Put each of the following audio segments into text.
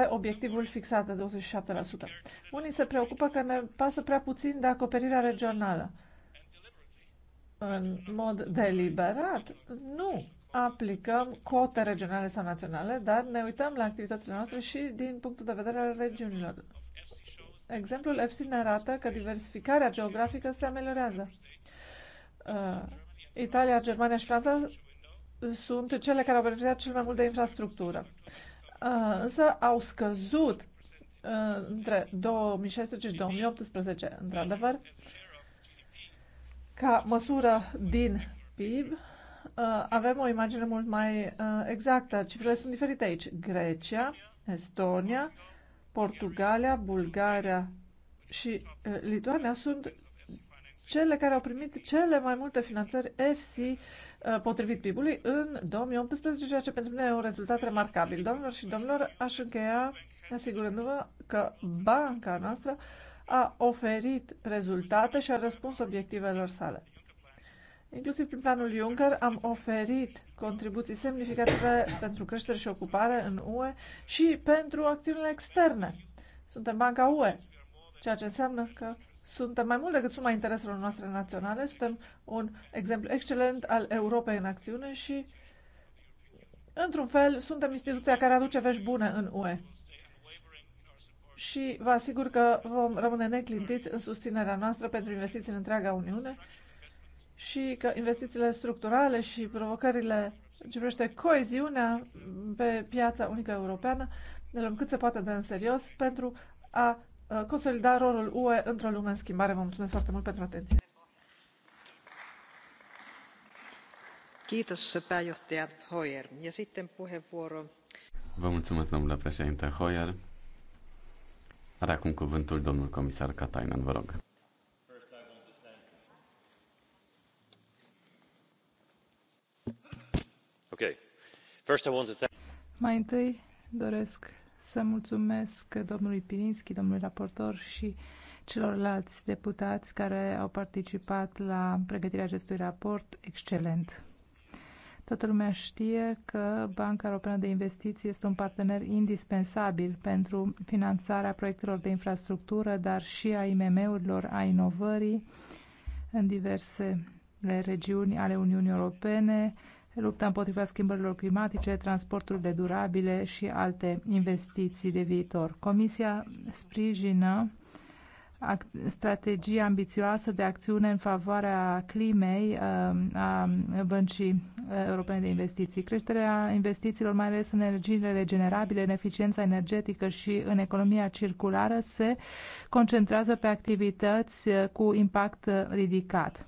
este obiectivul fixat de 27%. Unii se preocupă că ne pasă prea puțin de acoperirea regională. În mod deliberat, nu aplicăm cote regionale sau naționale, dar ne uităm la activitățile noastre și din punctul de vedere al regiunilor. Exemplul EFSI ne arată că diversificarea geografică se ameliorează. Uh, Italia, Germania și Franța sunt cele care au beneficiat cel mai mult de infrastructură. Uh, însă au scăzut uh, între 2016 și 2018, într-adevăr, ca măsură din PIB, uh, avem o imagine mult mai exactă. Cifrele sunt diferite aici. Grecia, Estonia, Portugalia, Bulgaria și Lituania sunt cele care au primit cele mai multe finanțări uh, Uh, potrivit PIB-ului în 2018, ceea ce pentru mine e un rezultat remarcabil. Domnilor și domnilor, aș încheia asigurându-vă că banca noastră a oferit rezultate și a răspuns obiectivelor sale. Inclusiv prin planul Juncker am oferit contribuții semnificative pentru creștere și ocupare în UE și pentru acțiunile externe. Suntem banca UE, ceea ce înseamnă că suntem mai mult decât suma intereselor noastre naționale, suntem un exemplu excelent al Europei în acțiune și, într-un fel, suntem instituția care aduce vești bune în UE. Și vă asigur că vom rămâne neclintiți în susținerea noastră pentru investiții în întreaga Uniune și că investițiile structurale și provocările ce privește coeziunea pe piața unică europeană ne luăm cât se poate de în serios pentru a Uh, consolida rolul UE într-o lume în schimbare. Vă mulțumesc foarte mult pentru atenție. Vă mulțumesc, domnule președinte Hoyer. Are acum cuvântul domnul comisar Katainen, vă rog. Okay. First I want to thank... Mai întâi doresc să mulțumesc domnului Pirinski, domnului raportor și celorlalți deputați care au participat la pregătirea acestui raport excelent. Toată lumea știe că Banca Europeană de Investiții este un partener indispensabil pentru finanțarea proiectelor de infrastructură, dar și a IMM-urilor, a inovării în diverse regiuni ale Uniunii Europene, lupta împotriva schimbărilor climatice, transporturile durabile și alte investiții de viitor. Comisia sprijină strategia ambițioasă de acțiune în favoarea climei uh, a Băncii uh, Europene de Investiții. Creșterea investițiilor, mai ales în energiile regenerabile, în eficiența energetică și în economia circulară, se concentrează pe activități uh, cu impact ridicat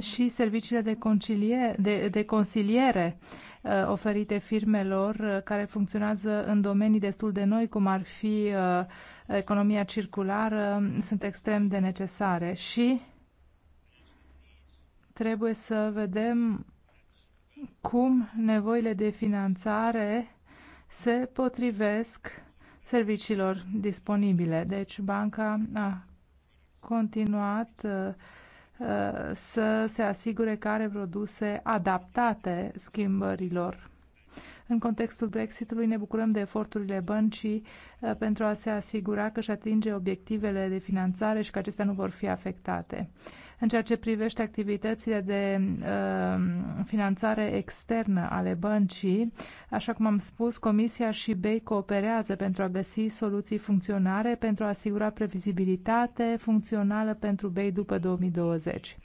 și serviciile de, conciliere, de, de consiliere uh, oferite firmelor uh, care funcționează în domenii destul de noi, cum ar fi uh, economia circulară, sunt extrem de necesare și trebuie să vedem cum nevoile de finanțare se potrivesc serviciilor disponibile. Deci banca a continuat uh, Uh, să se asigure că are produse adaptate schimbărilor în contextul Brexitului ne bucurăm de eforturile băncii uh, pentru a se asigura că își atinge obiectivele de finanțare și că acestea nu vor fi afectate. În ceea ce privește activitățile de uh, finanțare externă ale băncii, așa cum am spus, Comisia și BEI cooperează pentru a găsi soluții funcționare pentru a asigura previzibilitate funcțională pentru BEI după 2020.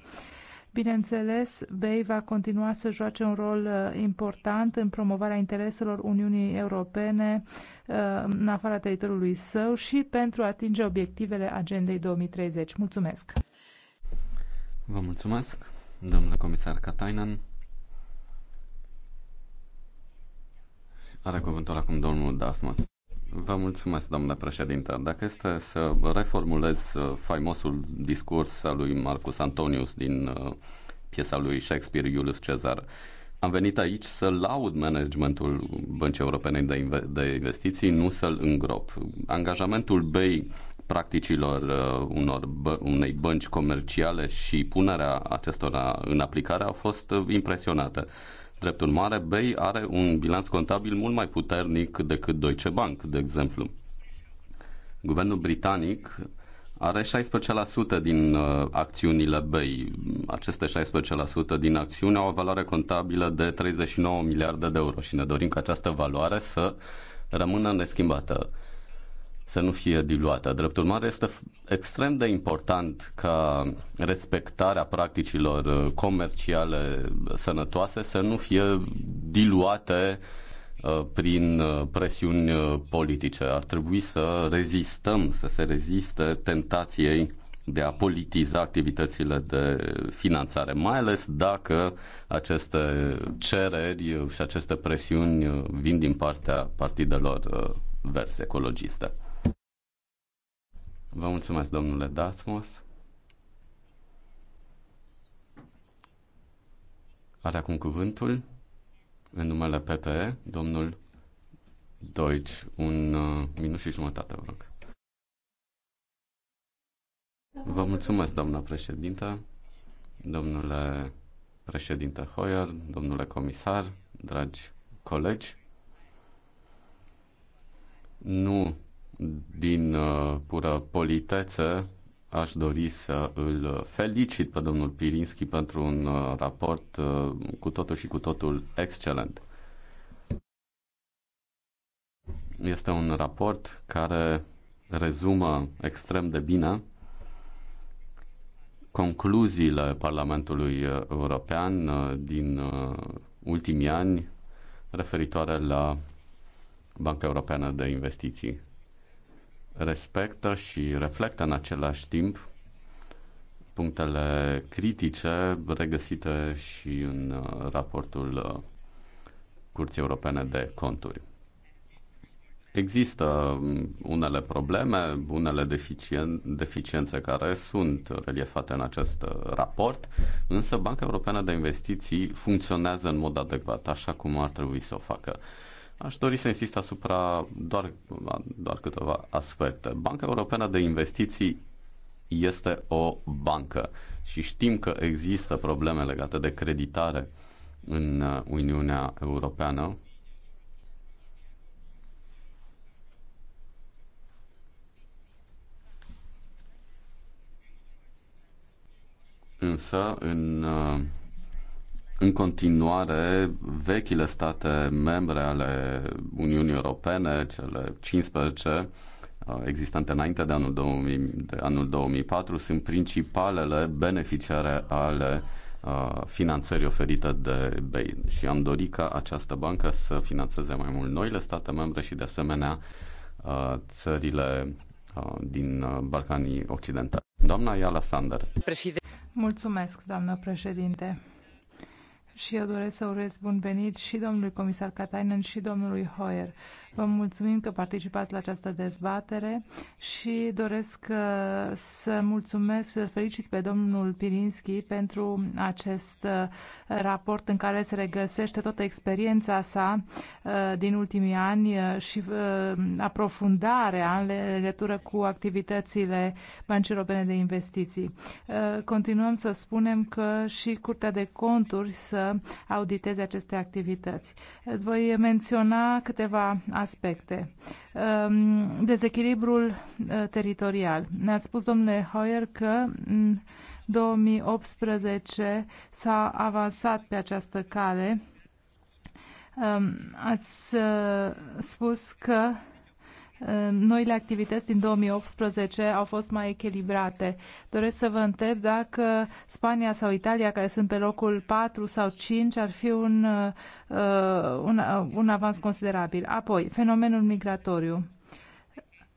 Bineînțeles, BEI va continua să joace un rol uh, important în promovarea intereselor Uniunii Europene uh, în afara teritoriului său și pentru a atinge obiectivele Agendei 2030. Mulțumesc! Vă mulțumesc, domnule comisar Katainen. Are cuvântul acum domnul Dasmas. Vă mulțumesc, doamnă președinte. Dacă este să reformulez uh, faimosul discurs al lui Marcus Antonius din uh, piesa lui Shakespeare, Iulius Cezar, am venit aici să laud managementul Băncii Europene de, Inve- de Investiții, nu să-l îngrop. Angajamentul BEI practicilor uh, unor bă- unei bănci comerciale și punerea acestora în aplicare au fost uh, impresionate. Drept urmare, BEI are un bilanț contabil mult mai puternic decât Deutsche Bank, de exemplu. Guvernul britanic are 16% din uh, acțiunile BEI. Aceste 16% din acțiuni au o valoare contabilă de 39 miliarde de euro și ne dorim ca această valoare să rămână neschimbată să nu fie diluată. Drept urmare, este extrem de important ca respectarea practicilor uh, comerciale sănătoase să nu fie diluate uh, prin uh, presiuni politice. Ar trebui să rezistăm, să se reziste tentației de a politiza activitățile de finanțare, mai ales dacă aceste cereri și aceste presiuni vin din partea partidelor verzi ecologiste. Vă mulțumesc, domnule Dasmos. Are acum cuvântul, în numele PPE, domnul Deutsch. Un uh, minut și jumătate, vă rog. Vă mulțumesc, doamna președintă, domnule președinte Hoyer, domnule comisar, dragi colegi. Nu din uh, pură politețe, aș dori să îl felicit pe domnul Pirinski pentru un uh, raport uh, cu totul și cu totul excelent. Este un raport care rezumă extrem de bine concluziile Parlamentului European din ultimii ani referitoare la Banca Europeană de Investiții respectă și reflectă în același timp punctele critice regăsite și în uh, raportul uh, Curții Europene de Conturi. Există um, unele probleme, unele deficien- deficiențe care sunt reliefate în acest uh, raport, însă Banca Europeană de Investiții funcționează în mod adecvat, așa cum ar trebui să o facă. Aș dori să insist asupra doar, doar câteva aspecte. Banca Europeană de Investiții este o bancă și știm că există probleme legate de creditare în Uniunea Europeană. Însă, în în continuare, vechile state membre ale Uniunii Europene, cele 15 uh, existente înainte de anul, 2000, de anul 2004, sunt principalele beneficiare ale uh, finanțării oferite de BEI și am dorit ca această bancă să finanțeze mai mult noile state membre și de asemenea uh, țările din Balcanii Occidentali. Doamna Iala Sander. Mulțumesc, doamnă președinte și eu doresc să urez bun venit și domnului comisar Katainen și domnului Hoyer. Vă mulțumim că participați la această dezbatere și doresc uh, să mulțumesc, să felicit pe domnul Pirinski pentru acest uh, raport în care se regăsește toată experiența sa uh, din ultimii ani și aprofundarea în legătură cu activitățile Băncii Europene de Investiții. Continuăm să spunem că și Curtea de Conturi să auditeze aceste activități. Îți voi menționa câteva aspecte. Um, dezechilibrul uh, teritorial. Ne-ați spus, domnule Hoyer, că 2018 s-a avansat pe această cale. Um, ați uh, spus că noile activități din 2018 au fost mai echilibrate. Doresc să vă întreb dacă Spania sau Italia, care sunt pe locul 4 sau 5, ar fi un, uh, un, uh, un avans considerabil. Apoi, fenomenul migratoriu.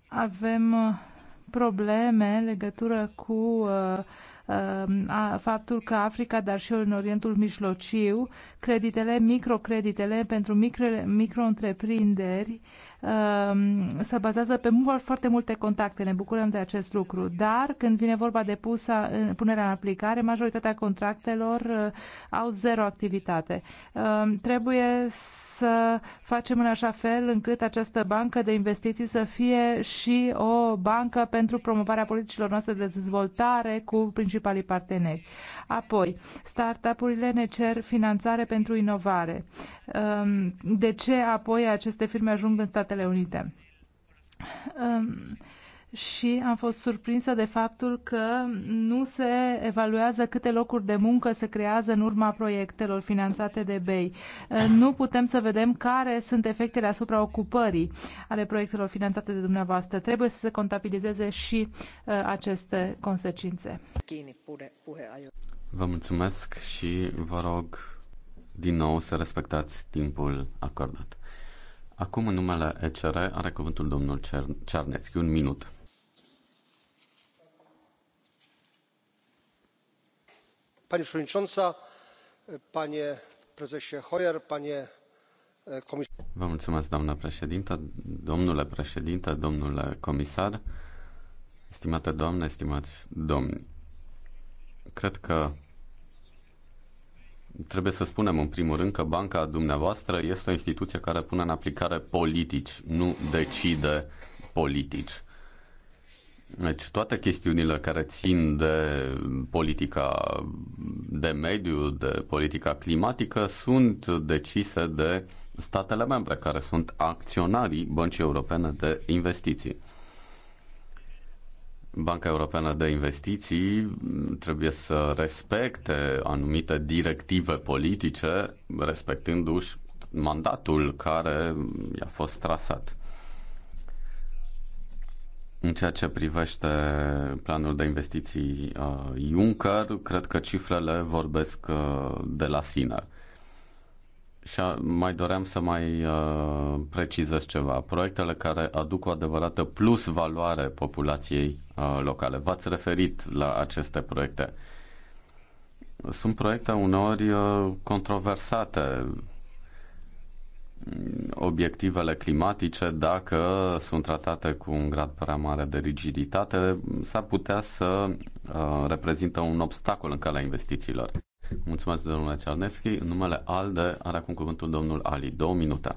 Avem uh, probleme în legătură cu faptul că Africa, dar și în Orientul Mijlociu, creditele, microcreditele pentru micro, micro-întreprinderi Um, se bazează pe foarte multe contacte. Ne bucurăm de acest lucru. Dar când vine vorba de pusa, punerea în aplicare, majoritatea contractelor uh, au zero activitate. Um, trebuie să facem în așa fel încât această bancă de investiții să fie și o bancă pentru promovarea politicilor noastre de dezvoltare cu principalii parteneri. Apoi, startup-urile ne cer finanțare pentru inovare. Um, de ce apoi aceste firme ajung în state Statele Unite. Um, și am fost surprinsă de faptul că nu se evaluează câte locuri de muncă se creează în urma proiectelor finanțate de BEI. Nu putem să vedem care sunt efectele asupra ocupării ale proiectelor finanțate de dumneavoastră. Trebuie să se contabilizeze și uh, aceste consecințe. Vă mulțumesc și vă rog din nou să respectați timpul acordat. Acum, în numele ECR, are cuvântul domnul Cer- Cernețchi. Un minut. Pani Frunciunța, Panie Prezesie Hoyer, Panie Comisar. Vă mulțumesc, doamna președintă, domnule președinte, domnule comisar, stimate doamne, stimați domni. Cred că Trebuie să spunem în primul rând că banca dumneavoastră este o instituție care pune în aplicare politici, nu decide politici. Deci toate chestiunile care țin de politica de mediu, de politica climatică, sunt decise de statele membre, care sunt acționarii Băncii Europene de Investiții. Banca Europeană de Investiții trebuie să respecte anumite directive politice, respectându-și mandatul care i-a fost trasat. În ceea ce privește planul de investiții uh, Juncker, cred că cifrele vorbesc uh, de la sine. Și mai doream să mai uh, precizez ceva. Proiectele care aduc o adevărată plus valoare populației uh, locale. V-ați referit la aceste proiecte. Sunt proiecte uneori uh, controversate. Obiectivele climatice, dacă sunt tratate cu un grad prea mare de rigiditate, s-ar putea să uh, reprezintă un obstacol în calea investițiilor. Mulțumesc, domnule Cerneschi. În numele ALDE are acum cuvântul domnul Ali. Două minute.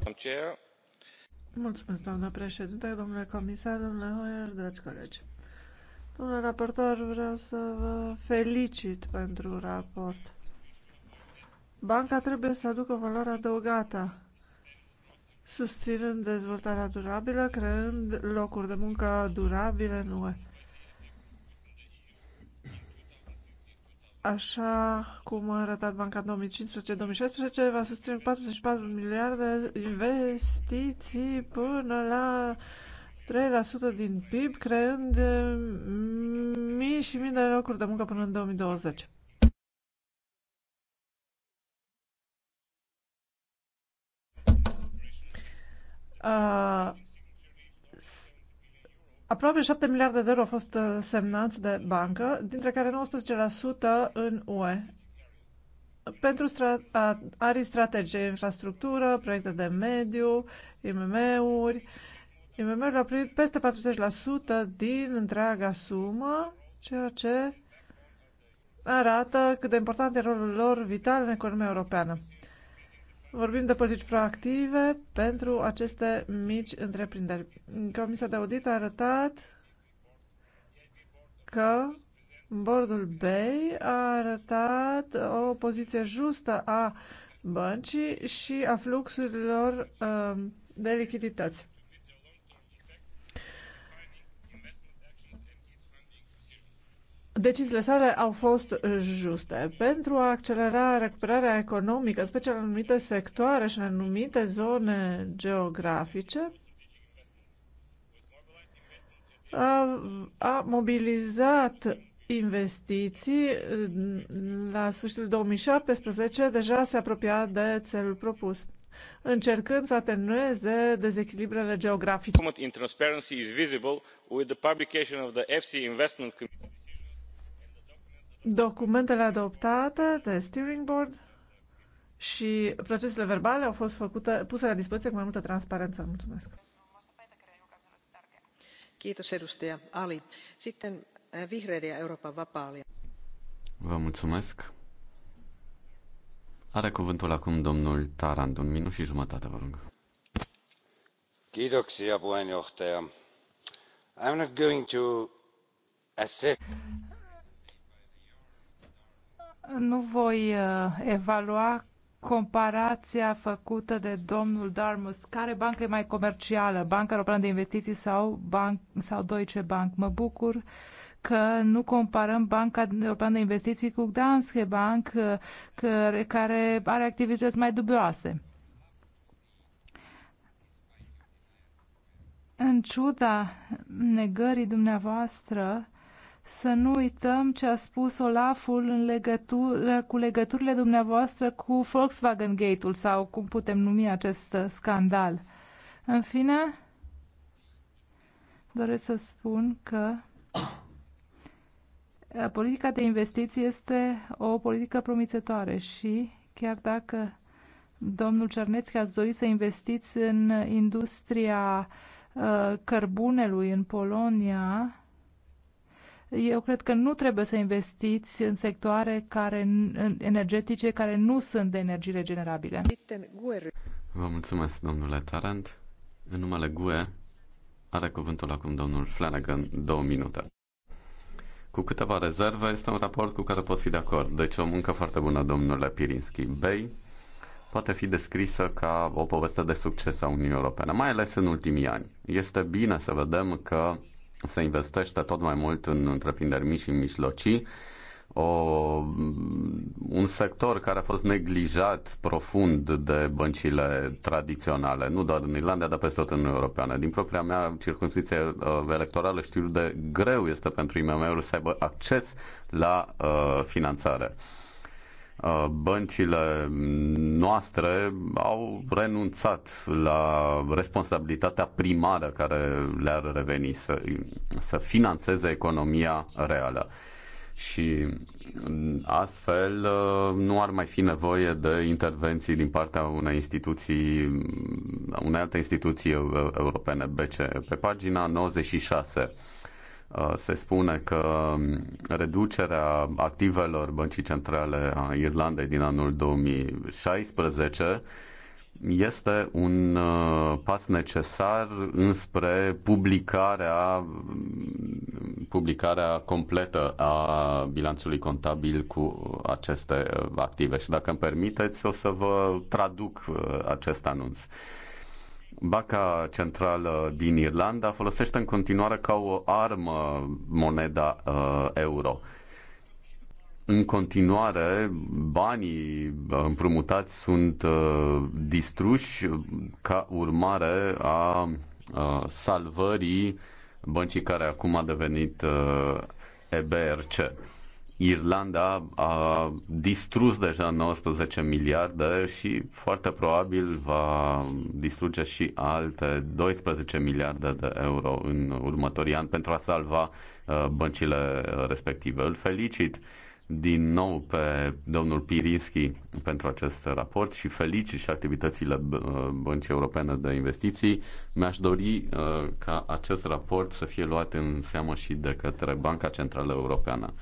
Mulțumesc, doamna președinte, domnule comisar, domnule Hoyer, dragi colegi. Domnule raportor, vreau să vă felicit pentru raport. Banca trebuie să aducă valoare adăugată, susținând dezvoltarea durabilă, creând locuri de muncă durabile în UE. așa cum a arătat banca 2015-2016, va susține 44 miliarde investiții până la 3% din PIB, creând mii și mii de locuri de muncă până în 2020. Uh, Aproape 7 miliarde de euro au fost uh, semnați de bancă, dintre care 19% în UE. Pentru stra- arii strategice, infrastructură, proiecte de mediu, IMM-uri. IMM-urile au primit peste 40% din întreaga sumă, ceea ce arată cât de important e rolul lor vital în economia europeană. Vorbim de politici proactive pentru aceste mici întreprinderi. Comisia de audit a arătat că bordul BEI a arătat o poziție justă a băncii și a fluxurilor uh, de lichidități. Deciziile sale au fost uh, juste. Pentru a accelera recuperarea economică, special în anumite sectoare și în anumite zone geografice, a, a mobilizat investiții. Uh, la sfârșitul 2017 deja se apropia de țelul propus încercând să atenueze dezechilibrele geografice. Documentele adoptate de Steering Board și procesele verbale au fost făcute, puse la dispoziție cu mai multă transparență. Mulțumesc. Kiitos edustaja Ali. Sitten eh, vihreiden ja Euroopan vapaa Vă mulțumesc. Are cuvântul acum domnul Tarand, un minut și jumătate, vă rog. Kiitoksia, puheenjohtaja. I'm not going to assess... Nu voi uh, evalua comparația făcută de domnul Darmus. Care bancă e mai comercială? Banca Europeană de Investiții sau, banc, sau Deutsche Bank? Mă bucur că nu comparăm Banca Europeană de Investiții cu Danske Bank, uh, care, care are activități mai dubioase. În ciuda negării dumneavoastră, să nu uităm ce a spus Olaful în legătură cu legăturile dumneavoastră cu Volkswagen Gate-ul sau cum putem numi acest uh, scandal. În fine, doresc să spun că uh, politica de investiții este o politică promițătoare și chiar dacă domnul Cernețchi ați dori să investiți în industria uh, cărbunelui în Polonia, eu cred că nu trebuie să investiți în sectoare care, energetice care nu sunt de energii regenerabile. Vă mulțumesc, domnule Tarant. În numele GUE are cuvântul acum domnul Flanagan, două minute. Cu câteva rezerve, este un raport cu care pot fi de acord. Deci o muncă foarte bună, domnule Pirinski. Bay poate fi descrisă ca o poveste de succes a Uniunii Europene, mai ales în ultimii ani. Este bine să vedem că se investește tot mai mult în întreprinderi mici și mijlocii, o, un sector care a fost neglijat profund de băncile tradiționale, nu doar în Irlanda, dar peste tot în Europeană. Din propria mea circunscripție uh, electorală știu de greu este pentru IMM-uri să aibă acces la uh, finanțare. Uh, băncile noastre au renunțat la responsabilitatea primară care le-ar reveni să, să financeze economia reală. Și mm, astfel uh, nu ar mai fi nevoie de intervenții din partea unei instituții, mm, unei alte instituții europene, BCE. Pe pagina 96 Uh, se spune că um, reducerea activelor Băncii Centrale a Irlandei din anul 2016 este un uh, pas necesar înspre publicarea, publicarea completă a bilanțului contabil cu aceste active. Și dacă îmi permiteți, o să vă traduc uh, acest anunț. Banca Centrală din Irlanda folosește în continuare ca o armă moneda uh, euro. În continuare, banii uh, împrumutați sunt uh, distruși ca urmare a uh, salvării băncii care acum a devenit uh, EBRC. Irlanda a distrus deja 19 miliarde și foarte probabil va distruge și alte 12 miliarde de euro în următorii ani pentru a salva uh, băncile respective. Îl felicit din nou pe domnul Pirinski pentru acest raport și felicit și activitățile uh, Băncii Europene de Investiții. Mi-aș dori uh, ca acest raport să fie luat în seamă și de către Banca Centrală Europeană.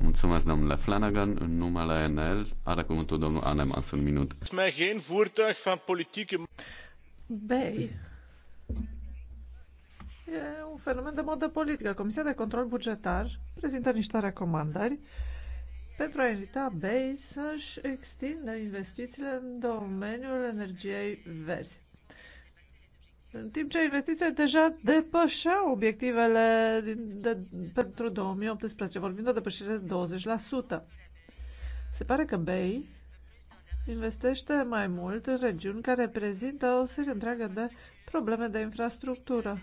Mulțumesc, domnule Flanagan. În numele NL are cuvântul domnul Anemans. Un minut. Bei. E un fenomen de modă politică. Comisia de Control Bugetar prezintă niște recomandări pentru a invita BEI să-și extindă investițiile în domeniul energiei verzi în timp ce investiția deja depășea obiectivele din, de, pentru 2018, vorbind de depășire de 20%. Se pare că BEI investește mai mult în regiuni care prezintă o serie întreagă de probleme de infrastructură.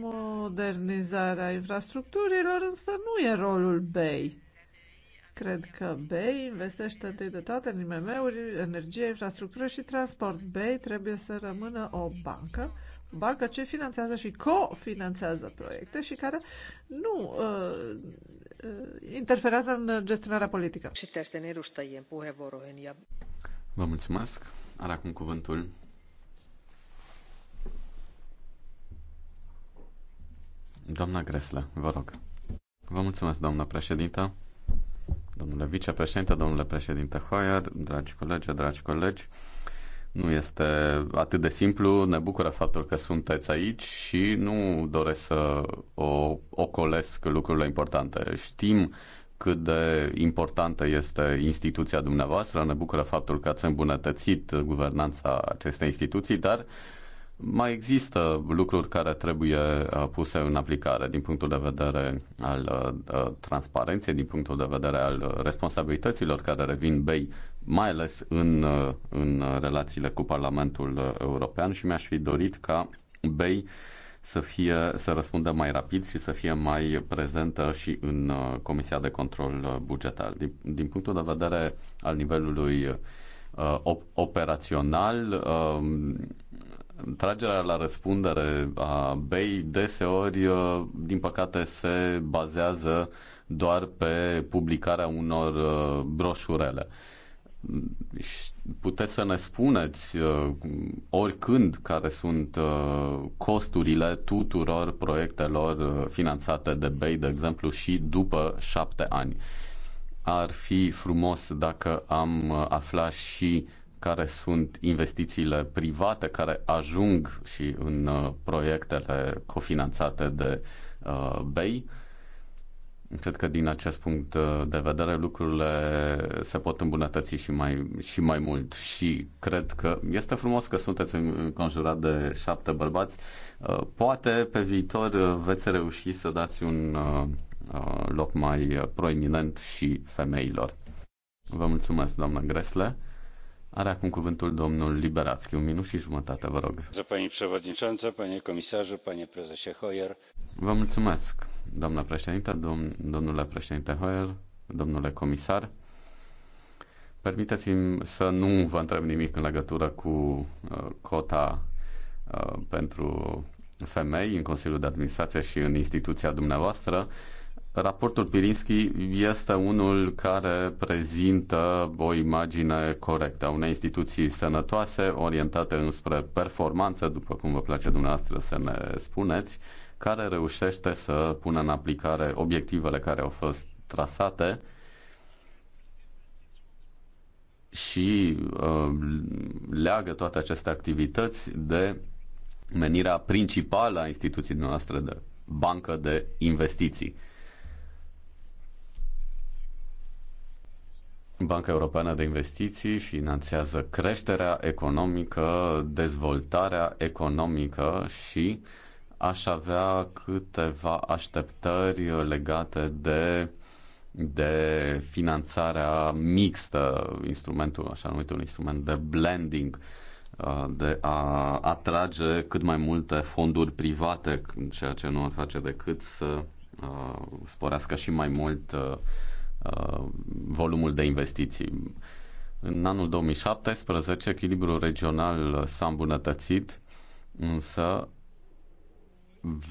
Modernizarea infrastructurilor însă nu e rolul BEI. Cred că BEI investește întâi de toate în IMM-uri, energie, infrastructură și transport. BEI trebuie să rămână o bancă, o bancă ce finanțează și cofinanțează proiecte și care nu uh, uh interferează în gestionarea politică. Și Vă mulțumesc. Are acum cuvântul Doamna Gresla, vă rog. Vă mulțumesc, doamna președintă domnule vicepreședinte, domnule președinte Hoyer, dragi colegi, dragi colegi. Nu este atât de simplu, ne bucură faptul că sunteți aici și nu doresc să o ocolesc lucrurile importante. Știm cât de importantă este instituția dumneavoastră, ne bucură faptul că ați îmbunătățit guvernanța acestei instituții, dar mai există lucruri care trebuie uh, puse în aplicare din punctul de vedere al uh, transparenței, din punctul de vedere al responsabilităților care revin BEI, mai ales în, uh, în relațiile cu Parlamentul European și mi-aș fi dorit ca BEI să, fie, să răspundă mai rapid și să fie mai prezentă și în Comisia de Control Bugetar. Din, din punctul de vedere al nivelului uh, operațional, uh, tragerea la răspundere a BEI deseori, uh, din păcate, se bazează doar pe publicarea unor uh, broșurele. Puteți să ne spuneți uh, oricând care sunt costurile tuturor proiectelor finanțate de BEI, de exemplu, și după șapte ani. Ar fi frumos dacă am aflat și care sunt investițiile private care ajung și în uh, proiectele cofinanțate de uh, BEI. Cred că din acest punct uh, de vedere lucrurile se pot îmbunătăți și mai, și mai mult și cred că este frumos că sunteți înconjurat de șapte bărbați. Poate pe viitor veți reuși să dați un loc mai proeminent și femeilor. Vă mulțumesc, doamnă Gresle. Are acum cuvântul domnul Liberațchi, un minut și jumătate, vă rog. Vă mulțumesc, doamna președinte, domn, domnule președinte Hoyer, domnule comisar. Permiteți-mi să nu vă întreb nimic în legătură cu uh, cota uh, pentru femei în Consiliul de Administrație și în instituția dumneavoastră. Uh, Raportul Pirinski este unul care prezintă o imagine corectă a unei instituții sănătoase, orientate înspre performanță, după cum vă place dumneavoastră să ne spuneți, care reușește să pună în aplicare obiectivele care au fost trasate și uh, leagă toate aceste activități de menirea principală a instituției noastre de bancă de investiții Banca Europeană de Investiții finanțează creșterea economică, dezvoltarea economică și aș avea câteva așteptări legate de de finanțarea mixtă, instrumentul, așa numitul instrument de blending, uh, de a atrage cât mai multe fonduri private, ceea ce nu ar face decât să uh, sporească și mai mult uh, Uh, volumul de investiții. În anul 2017, echilibrul regional s-a îmbunătățit, însă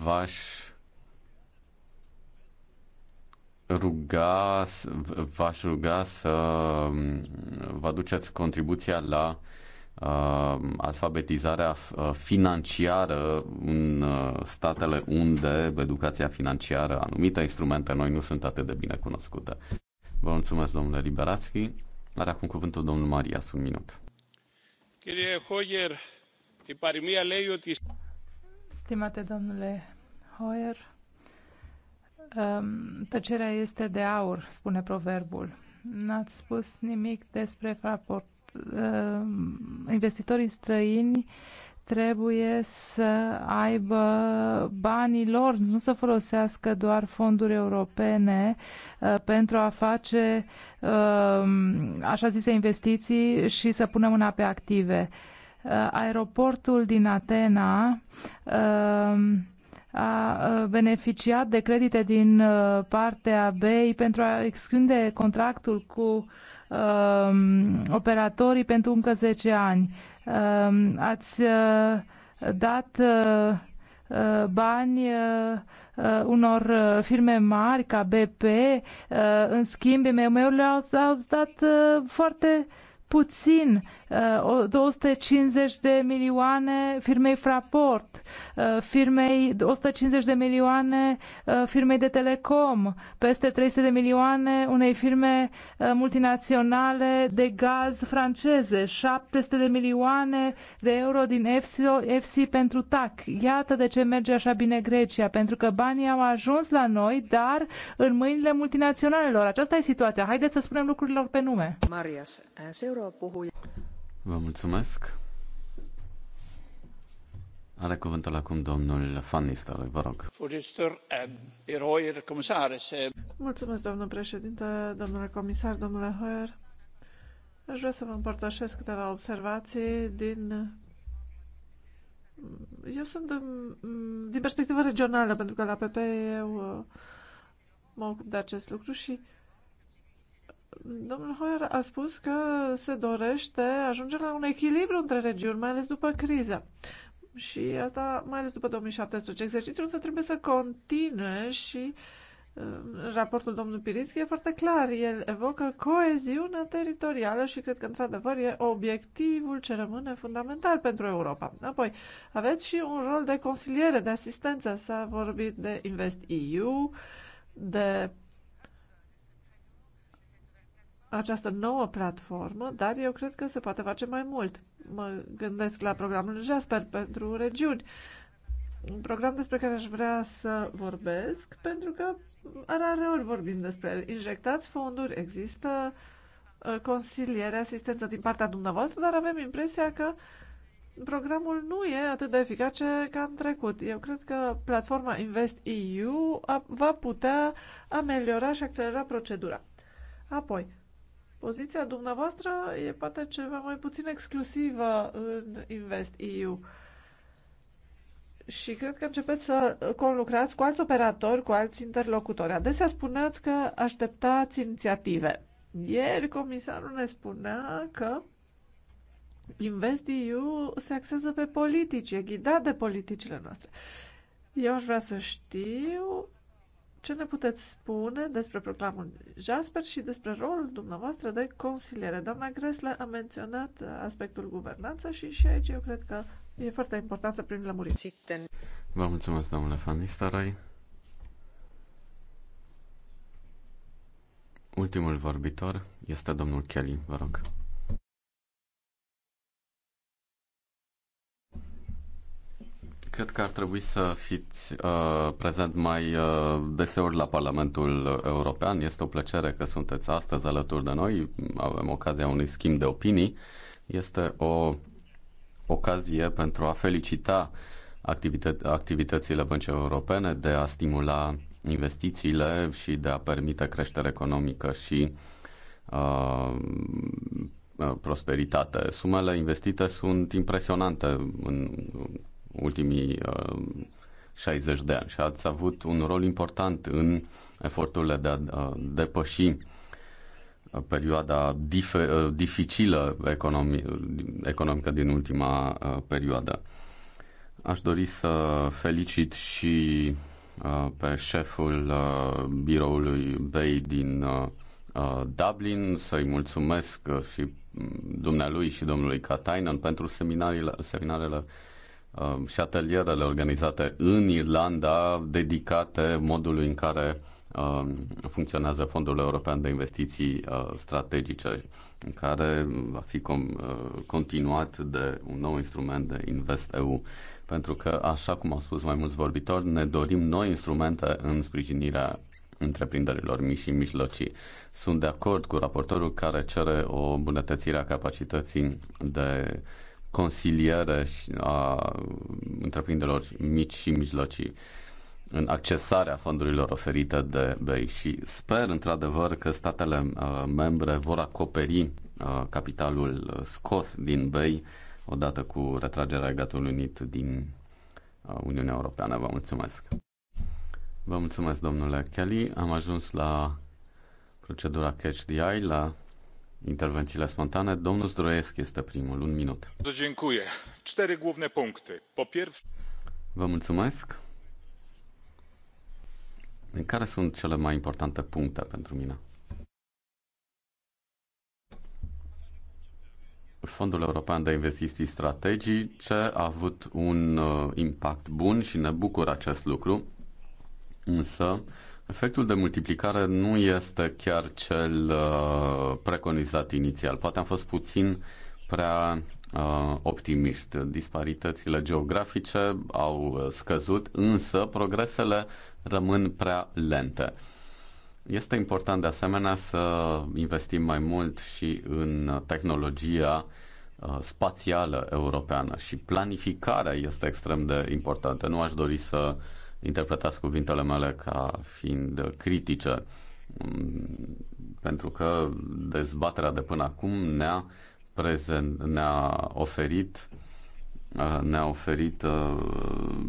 v-aș ruga, v-aș ruga să um, vă aduceți contribuția la uh, alfabetizarea uh, financiară în uh, statele unde educația financiară, anumite instrumente noi nu sunt atât de bine cunoscute. Vă mulțumesc, domnule Liberațchi. Are acum cuvântul domnul Maria, un minut. Stimate domnule Hoyer, um, tăcerea este de aur, spune proverbul. N-ați spus nimic despre raport. Um, investitorii străini trebuie să aibă banii lor, nu să folosească doar fonduri europene uh, pentru a face um, așa zise investiții și să pună mâna pe active. Uh, aeroportul din Atena um, a uh, beneficiat de credite din partea BEI pentru a extinde contractul cu um, operatorii pentru încă 10 ani. Ehm, ați eh, dat eh, eh, bani unor firme mari ca BP, în schimb, IMM-urile au dat foarte puțin, 250 uh, de milioane firmei Fraport, uh, firmei 150 de milioane uh, firmei de telecom, peste 300 de milioane unei firme multinaționale de gaz franceze, 700 de milioane de euro din EFSI pentru TAC. Iată de ce merge așa bine Grecia, pentru că banii au ajuns la noi, dar în mâinile multinaționalelor. Aceasta e situația. Haideți să spunem lucrurilor pe nume. Marias, Vă mulțumesc. Are cuvântul acum domnul Van Nistelrooy, vă rog. Mulțumesc, domnul președinte, domnule comisar, domnule Hoyer. Aș vrea să vă împărtășesc câteva observații din... Eu sunt din perspectivă regională, pentru că la PP eu uh, mă ocup de acest lucru și uh, Domnul Hoyer a spus că se dorește ajungerea la un echilibru între regiuni, mai ales după criză. Și asta mai ales după 2017. Exercițiul însă trebuie să continue și uh, raportul domnului Pirinski e foarte clar. El evocă coeziunea teritorială și cred că, într-adevăr, e obiectivul ce rămâne fundamental pentru Europa. Apoi, aveți și un rol de consiliere, de asistență. S-a vorbit de Invest EU, de această nouă platformă, dar eu cred că se poate face mai mult. Mă gândesc la programul Jasper pentru regiuni, un program despre care aș vrea să vorbesc, pentru că ori vorbim despre el. Injectați fonduri, există uh, consiliere, asistență din partea dumneavoastră, dar avem impresia că programul nu e atât de eficace ca în trecut. Eu cred că platforma Invest EU va putea ameliora și accelera procedura. Apoi, Poziția dumneavoastră e poate ceva mai puțin exclusivă în Invest EU. Și cred că începeți să conlucrați cu alți operatori, cu alți interlocutori. Adesea spuneați că așteptați inițiative. Ieri comisarul ne spunea că InvestEU se axează pe politici, e ghidat de politicile noastre. Eu aș vrea să știu ce ne puteți spune despre programul Jasper și despre rolul dumneavoastră de consiliere? Doamna Gresle a menționat uh, aspectul guvernanță și și aici eu cred că e foarte important să primim lămuriri. Vă mulțumesc, doamna Fanistarai. Ultimul vorbitor este domnul Kelly, vă rog. cred că ar trebui să fiți uh, prezent mai uh, deseori la Parlamentul European. Este o plăcere că sunteți astăzi alături de noi. Avem ocazia unui schimb de opinii. Este o ocazie pentru a felicita activită- activitățile băncii europene de a stimula investițiile și de a permite creștere economică și uh, uh prosperitate. Sumele investite sunt impresionante în ultimii 60 uh, de ani și ați avut un rol important în eforturile de a uh, depăși uh, perioada dif- dificilă economi- economică din ultima perioadă. Aș dori să felicit și pe șeful biroului BEI din Dublin, să-i mulțumesc și mm, dumnealui și domnului Katainen pentru seminarele, seminarele Um, și atelierele organizate în Irlanda dedicate modului în care um, funcționează Fondul European de Investiții uh, Strategice, în care va fi uh, continuat de un nou instrument de InvestEU. Pentru că, așa cum au spus mai mulți vorbitori, ne dorim noi instrumente în sprijinirea întreprinderilor mici și mijlocii. Sunt de acord cu raportorul care cere o îmbunătățire a capacității de consiliere a întreprinderilor mici și mijlocii în accesarea fondurilor oferite de BEI și sper într-adevăr că statele membre vor acoperi capitalul scos din BEI odată cu retragerea Regatului Unit din Uniunea Europeană. Vă mulțumesc! Vă mulțumesc, domnule Kelly. Am ajuns la procedura Catch the Eye, la intervențiile spontane. Domnul Zdroiesc este primul, un minut. Vă mulțumesc. Care sunt cele mai importante puncte pentru mine? Fondul European de Investiții Strategice a avut un uh, impact bun și ne bucur acest lucru, însă Efectul de multiplicare nu este chiar cel uh, preconizat inițial. Poate am fost puțin prea uh, optimiști. Disparitățile geografice au uh, scăzut, însă progresele rămân prea lente. Este important de asemenea să investim mai mult și în tehnologia spațială europeană și planificarea este extrem de importantă. Nu aș dori să interpretați cuvintele mele ca fiind critice, pentru că dezbaterea de până acum ne-a, prezent, ne-a oferit ne-a oferit uh,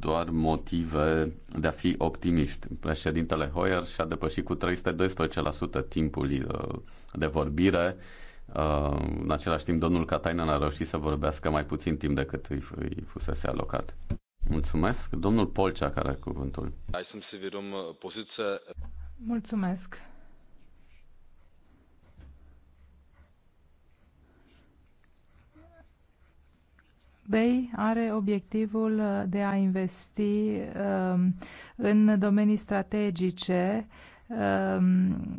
doar motive de a fi optimiști. Președintele Hoyer și-a depășit cu 312% timpul uh, de vorbire. Uh, în același timp, domnul Katainen a reușit să vorbească mai puțin timp decât îi fusese alocat. Mulțumesc. Domnul Polcea care are cuvântul. să vedem uh, poziția. Mulțumesc. BEI are obiectivul uh, de a investi um, în domenii strategice Um,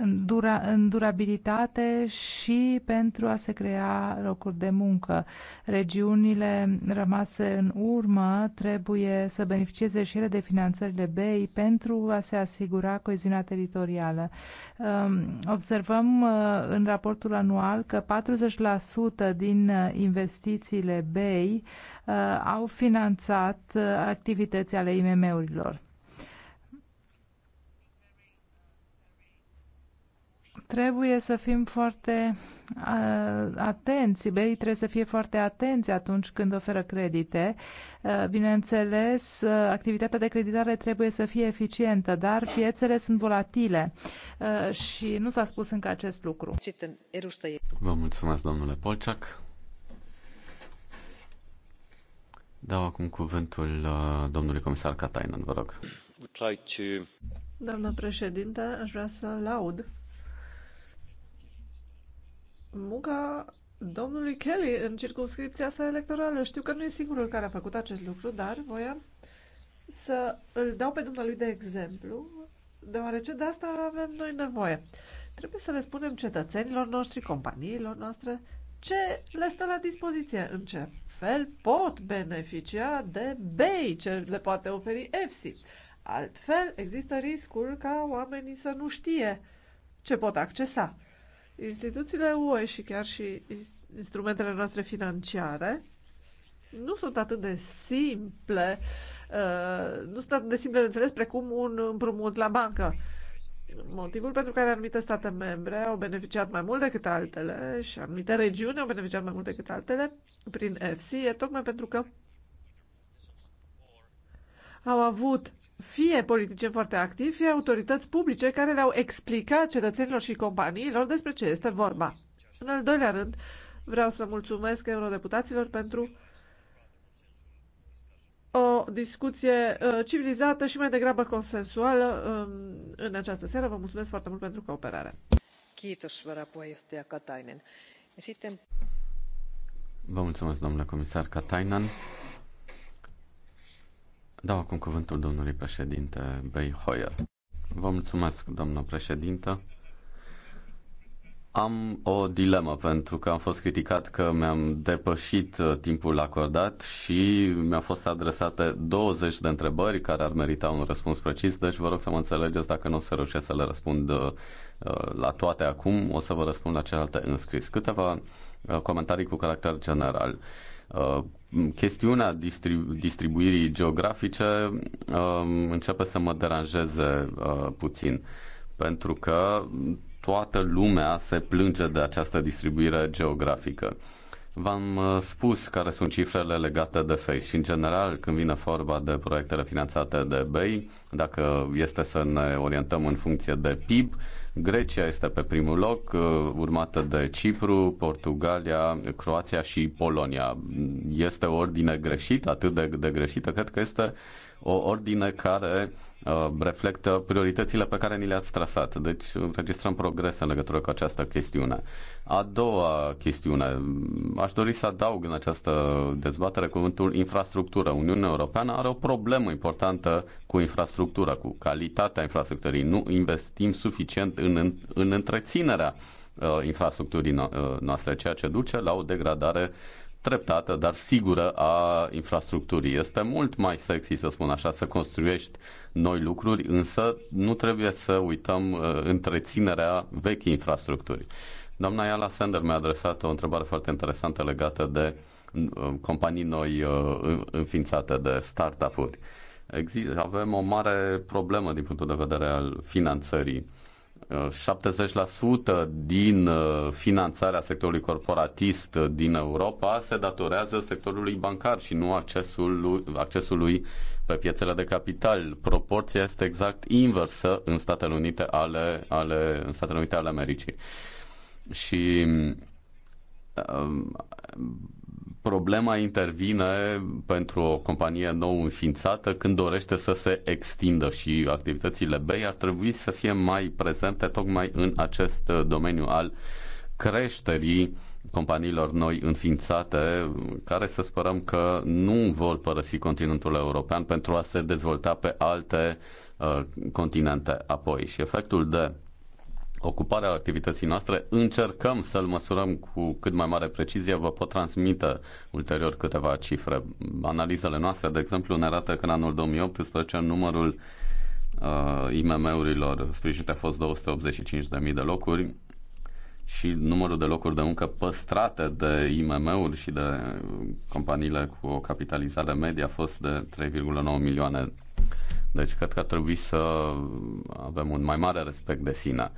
în, dura, în durabilitate și pentru a se crea locuri de muncă. Regiunile rămase în urmă trebuie să beneficieze și ele de finanțările BEI pentru a se asigura coeziunea teritorială. Um, observăm uh, în raportul anual că 40% din uh, investițiile BEI uh, au finanțat activități ale IMM-urilor. Trebuie să fim foarte uh, atenți, bei trebuie să fie foarte atenți atunci când oferă credite. Uh, bineînțeles, uh, activitatea de creditare trebuie să fie eficientă, dar piețele sunt volatile uh, și nu s-a spus încă acest lucru. Vă mulțumesc, domnule Polciac. Dau acum cuvântul domnului comisar Katainen, vă rog. Doamnă președinte, aș vrea să laud muga domnului Kelly în circunscripția sa electorală. Știu că nu e singurul care a făcut acest lucru, dar voiam să îl dau pe dumnealui de exemplu, deoarece de asta avem noi nevoie. Trebuie să le spunem cetățenilor noștri, companiilor noastre, ce le stă la dispoziție, în ce fel pot beneficia de BEI, ce le poate oferi EFSI. Altfel, există riscul ca oamenii să nu știe ce pot accesa Instituțiile UE și chiar și instrumentele noastre financiare nu sunt atât de simple, uh, nu sunt atât de simple de înțeles precum un împrumut la bancă. Motivul pentru care anumite state membre au beneficiat mai mult decât altele și anumite regiuni au beneficiat mai mult decât altele prin EFSI e tocmai pentru că au avut fie politicieni foarte activi, fie autorități publice care le-au explicat cetățenilor și companiilor despre ce este vorba. În al doilea rând, vreau să mulțumesc eurodeputaților pentru o discuție uh, civilizată și mai degrabă consensuală um, în această seară. Vă mulțumesc foarte mult pentru cooperare. Vă mulțumesc, domnule comisar Katainen. Dau acum cuvântul domnului președinte Bey Hoyer. Vă mulțumesc, domnul președinte. Am o dilemă pentru că am fost criticat că mi-am depășit uh, timpul acordat și mi-au fost adresate 20 de întrebări care ar merita un răspuns precis, deci vă rog să mă înțelegeți dacă nu o să reușesc să le răspund uh, uh, la toate acum, o să vă răspund la celelalte înscris. Câteva comentarii cu caracter general. Uh, Uh, chestiunea distribu- distribuirii geografice um, începe să mă deranjeze uh, puțin, pentru că toată lumea se plânge de această distribuire geografică. V-am uh, spus care sunt cifrele legate de FACE și, în general, când vine vorba de proiectele finanțate de BEI, dacă este să ne orientăm în funcție de PIB, Grecia este pe primul loc, uh, urmată de Cipru, Portugalia, Croația și Polonia. Este o ordine greșită, atât de, de greșită, cred că este o ordine care Uh, reflectă prioritățile pe care ni le-ați trasat. Deci înregistrăm progrese în legătură cu această chestiune. A doua chestiune, aș dori să adaug în această dezbatere cuvântul infrastructură. Uniunea Europeană are o problemă importantă cu infrastructura, cu calitatea infrastructurii. Nu investim suficient în, în întreținerea uh, infrastructurii uh, noastre, ceea ce duce la o degradare uh, treptată, dar sigură a infrastructurii. Este mult mai sexy, să spun așa, să construiești noi lucruri, însă nu trebuie să uităm uh, întreținerea vechii infrastructuri. Doamna Iala Sender mi-a adresat o întrebare foarte interesantă legată de uh, companii noi uh, înființate de startup-uri. avem o mare problemă din punctul de vedere al finanțării 70% din uh, finanțarea sectorului corporatist uh, din Europa se datorează sectorului bancar și nu accesului, accesului pe piețele de capital. Proporția este exact inversă în Statele Unite ale, ale, în Statele Unite ale Americii. Și um, problema intervine pentru o companie nou înființată când dorește să se extindă și activitățile BEI ar trebui să fie mai prezente tocmai în acest uh, domeniu al creșterii companiilor noi înființate, care să sperăm că nu vor părăsi continentul european pentru a se dezvolta pe alte uh, continente apoi. Și efectul de ocuparea activității noastre. Încercăm să-l măsurăm cu cât mai mare precizie. Vă pot transmite ulterior câteva cifre. Analizele noastre, de exemplu, ne arată că în anul 2018 numărul uh, IMM-urilor sprijinite a fost 285.000 de locuri și numărul de locuri de muncă păstrate de IMM-uri și de companiile cu o capitalizare medie a fost de 3,9 milioane. Deci cred că ar trebui să avem un mai mare respect de sine.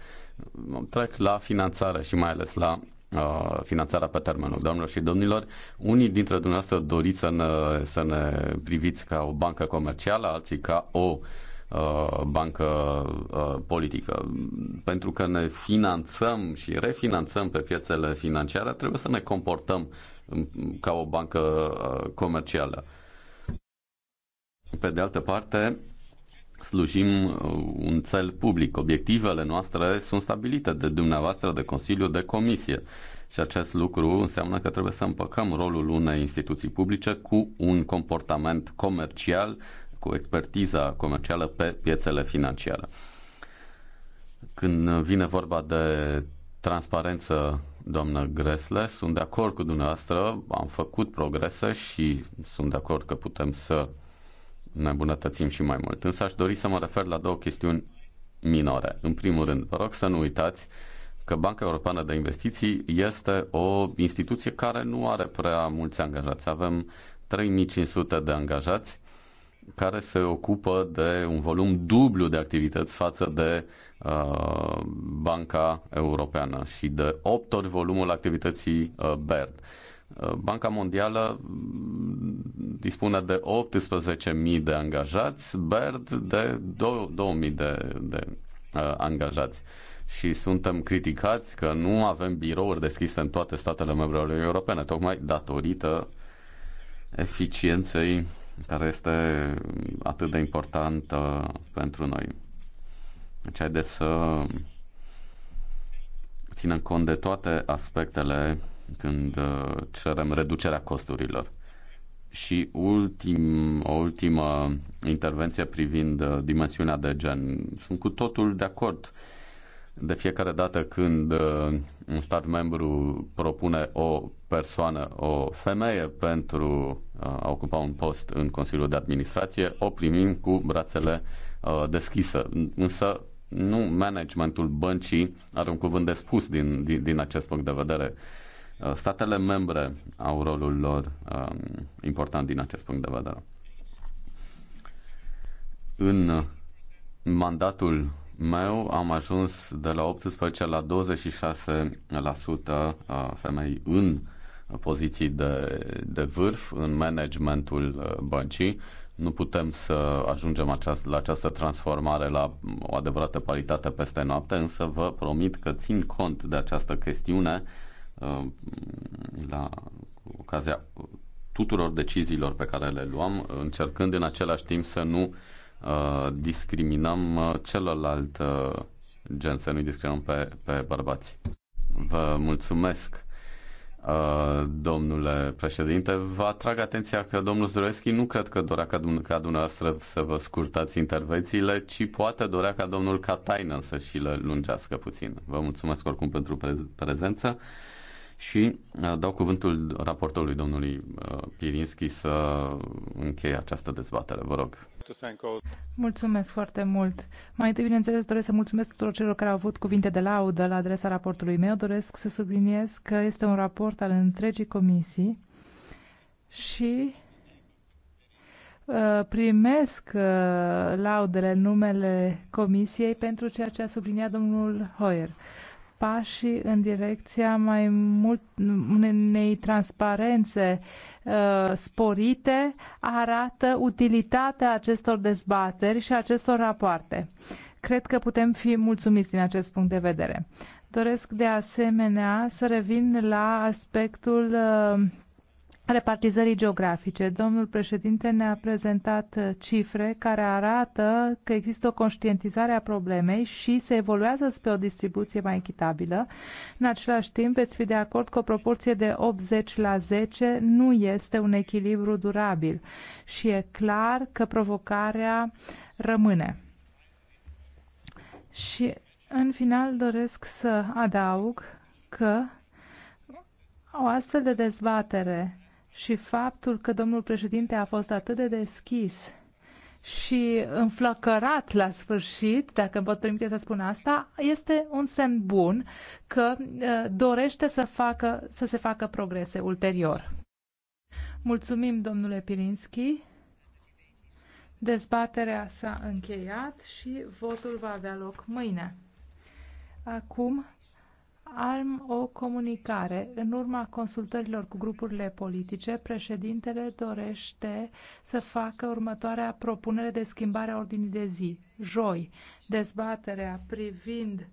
Trec la finanțare și mai ales la uh, finanțarea pe termen lung. Doamnelor și domnilor, unii dintre dumneavoastră doriți să ne, să ne priviți ca o bancă comercială, alții ca o uh, bancă uh, politică. Pentru că ne finanțăm și refinanțăm pe piețele financiare, trebuie să ne comportăm um, ca o bancă uh, comercială. Pe de altă parte, slujim uh, un cel public. Obiectivele noastre sunt stabilite de dumneavoastră, de Consiliu, de Comisie. Și acest lucru înseamnă că trebuie să împăcăm rolul unei instituții publice cu un comportament comercial, cu expertiza comercială pe piețele financiare. Când vine vorba de transparență, doamnă Gresle, sunt de acord cu dumneavoastră, am făcut progrese și sunt de acord că putem să ne îmbunătățim și mai mult. Însă aș dori să mă refer la două chestiuni minore. În primul rând, vă rog să nu uitați că Banca Europeană de Investiții este o instituție care nu are prea mulți angajați. Avem 3500 de angajați care se ocupă de un volum dublu de activități față de uh, Banca Europeană și de 8 ori volumul activității uh, BERD. Uh, Banca Mondială mm, dispune de 18.000 de angajați, BERD de 2.000 de, de uh, angajați. Și suntem criticați că nu avem birouri deschise în toate statele membre ale Uniunii europene, tocmai datorită eficienței care este atât de importantă pentru noi. Deci haideți să ținem cont de toate aspectele când uh, cerem reducerea costurilor. Și ultim, o ultimă intervenție privind uh, dimensiunea de gen. Sunt cu totul de acord. De fiecare dată când uh, un stat membru propune o persoană, o femeie pentru a ocupa un post în Consiliul de Administrație, o primim cu brațele deschise. Însă nu managementul băncii are un cuvânt de spus din, din, din acest punct de vedere. Uh, statele membre au rolul lor um, important din acest punct de vedere. În mandatul meu am ajuns de la 18 la 26% uh, femei în poziții de, de vârf în managementul uh, băncii. Nu putem să ajungem aceast, la această transformare la o adevărată paritate peste noapte, însă vă promit că țin cont de această chestiune uh, Um, la ocazia tuturor deciziilor pe care le luăm, încercând în același timp să nu uh, discriminăm uh, celălalt uh, gen, să nu discriminăm pe, pe bărbați. Vă mulțumesc, domnule președinte. Vă atrag atenția că domnul Zdroeschi nu cred că dorea ca, dumneavoastră să vă scurtați intervențiile, ci poate dorea ca domnul Katainen să și le lungească puțin. Vă mulțumesc oricum pentru prezență și uh, dau cuvântul raportorului domnului uh, Pirinski să încheie această dezbatere. Vă rog. Mulțumesc foarte mult. Mai întâi, bineînțeles, doresc să mulțumesc tuturor celor care au avut cuvinte de laudă la adresa raportului meu. Doresc să subliniez că este un raport al întregii comisii și uh, primesc laudele numele comisiei pentru ceea ce a subliniat domnul Hoyer pașii în direcția mai mult unei transparențe uh, sporite arată utilitatea acestor dezbateri și acestor rapoarte. Cred că putem fi mulțumiți din acest punct de vedere. Doresc de asemenea să revin la aspectul uh, repartizării geografice. Domnul președinte ne-a prezentat uh, cifre care arată că există o conștientizare a problemei și se evoluează spre o distribuție mai echitabilă. În același timp, veți fi de acord că o proporție de 80 la 10 nu este un echilibru durabil și e clar că provocarea rămâne. Și în final doresc să adaug că o astfel de dezbatere și faptul că domnul președinte a fost atât de deschis și înflăcărat la sfârșit, dacă îmi pot permite să spun asta, este un semn bun că uh, dorește să, facă, să se facă progrese ulterior. Mulțumim, domnule Pirinski. Dezbaterea s-a încheiat și votul va avea loc mâine. Acum am o comunicare. În urma consultărilor cu grupurile politice, președintele dorește să facă următoarea propunere de schimbare a ordinii de zi. Joi, dezbaterea privind